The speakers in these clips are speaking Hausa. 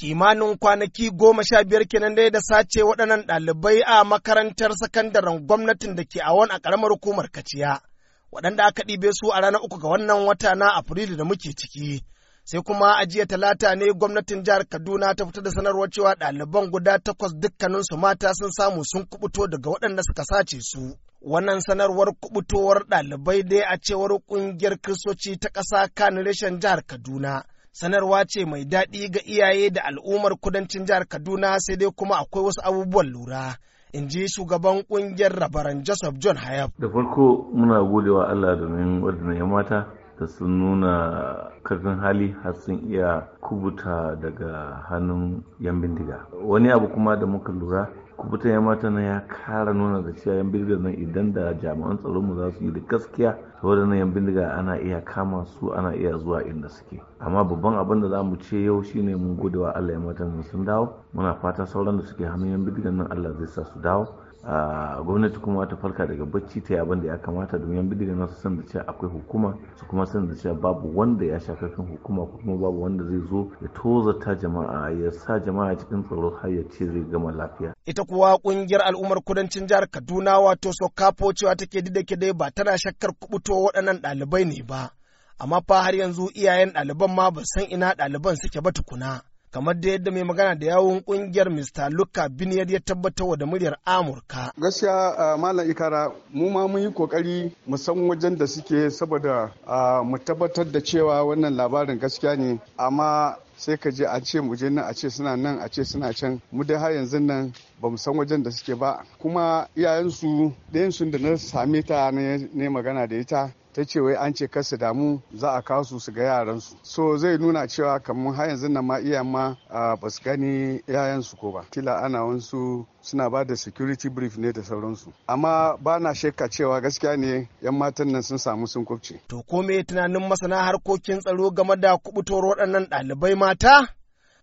kimanin kwanaki goma sha biyar kenan dai da sace waɗannan ɗalibai a makarantar sakandaren gwamnatin da ke awon a ƙaramar hukumar kaciya waɗanda aka ɗibe su a ranar uku ga wannan wata na afrilu da muke ciki sai kuma a jiya talata ne gwamnatin jihar kaduna ta fita da sanarwar cewa ɗaliban guda takwas dukkaninsu mata sun samu sun kubuto daga waɗanda suka sace su wannan sanarwar kubutowar ɗalibai dai a cewar ƙungiyar kristoci ta ƙasa kan reshen jihar kaduna sanarwa ce mai daɗi ga iyaye da al'ummar kudancin jihar Kaduna sai dai kuma akwai wasu abubuwan lura. in ji shugaban ƙungiyar rabaran joseph john hayab da farko muna godewa allah domin wadannan yan mata da sun nuna karfin hali har sun iya kubuta daga hannun yan bindiga wani abu kuma da muka lura kubutan yan mata na ya kara nuna da cewa yan bindiga nan idan da jami'an tsaron mu za su yi da gaskiya saboda nan yan bindiga ana iya kama su ana iya zuwa inda suke amma babban abin da za mu ce yau shine mun gode wa Allah yan mata sun dawo muna fata sauran da suke hannun yan bindigan nan Allah zai sa su dawo gwamnati kuma ta farka daga bacci ta abin da ya kamata domin yan bidigan nasu san cewa akwai hukuma su kuma san cewa babu wanda ya sha kafin hukuma kuma babu wanda zai zo ya ta jama'a ya sa jama'a cikin tsaro har ya ce zai gama lafiya ita kuwa kungiyar al'ummar kudancin jihar Kaduna wato Sokapo cewa take didake dai ba tana shakkar kubuto waɗannan ɗalibai ne ba amma fa har yanzu iyayen ɗaliban ma ba san ina ɗaliban suke ba tukuna kamar da yadda mai magana da yawun kungiyar Mr. Luka Biniyar ya wa da muryar Amurka. Gaskiya Malam Ikara mu ma mun yi kokari mu san wajen da suke saboda mu tabbatar da cewa wannan labarin gaskiya ne amma sai ka je a ce mu nan a ce suna nan a ce suna can mu dai har yanzu nan ba mu san wajen da suke ba kuma iyayensu ɗayan sun da na same ta ne magana da ita ta ce wai an ce kar su damu za a kawo su su ga yaransu so zai nuna cewa kamar har yanzu na ma iya ma ba su gani yayansu ko ba kila ana wansu suna ba da security brief ne da sauransu amma ba na shakka cewa gaskiya ne yan matan nan sun samu sun kwabce to komai me tunanin masana harkokin tsaro game da kubutor waɗannan ɗalibai mata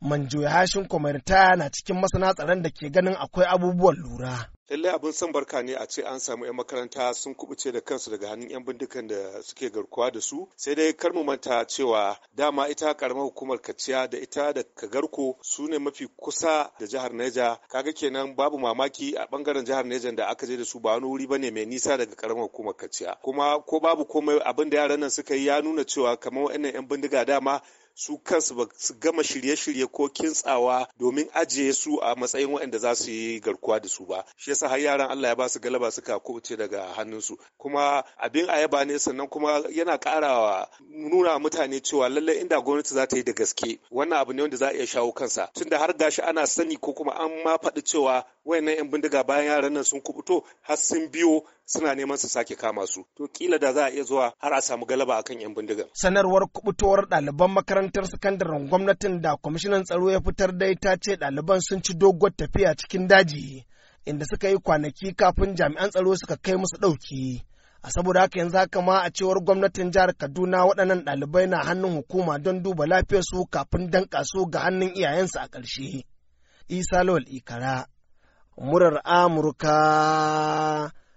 manjoya hashin kwamarta na cikin masana tsaron da ke ganin akwai abubuwan lura lallai abin son barka ne a ce an samu 'yan makaranta sun kubuce da kansu daga hannun 'yan bindigan da suke garkuwa da su sai dai kar mu manta cewa dama ita karamar hukumar kaciya da ita da kagarko su ne mafi kusa da jihar neja kaga kenan babu mamaki a bangaren jihar neja da aka je da su ba wani wuri bane mai nisa daga karamar hukumar kaciya kuma ko babu komai abin da yaran nan suka yi ya nuna cewa kamar wa'annan 'yan bindiga dama su kansu ba su gama shirye-shirye ko kintsawa domin ajiye su a matsayin waɗanda za su yi garkuwa da su ba shi yasa har yaran Allah ya ba su galaba suka kuce daga hannunsu kuma abin ayaba ne sannan kuma yana wa nuna mutane cewa lallai inda gwamnati za ta yi da gaske wannan abu ne wanda za a iya shawo kansa tunda har gashi ana sani ko kuma an ma faɗi cewa wayannan 'yan bindiga bayan yaran nan sun kubuto har sun biyo suna neman su sake kama su to kila da za a iya zuwa har a samu galaba akan yan bindigan sanarwar kubutowar ɗaliban makarantar sakandaren gwamnatin da kwamishinan tsaro ya fitar dai ta ce ɗaliban sun ci doguwar tafiya cikin daji inda suka yi kwanaki kafin jami'an tsaro suka kai musu ɗauki a saboda haka yanzu haka ma a cewar gwamnatin jihar kaduna waɗannan ɗalibai na hannun hukuma don duba lafiyarsu kafin danƙa su ga hannun iyayensu a ƙarshe isa lawal ikara murar amurka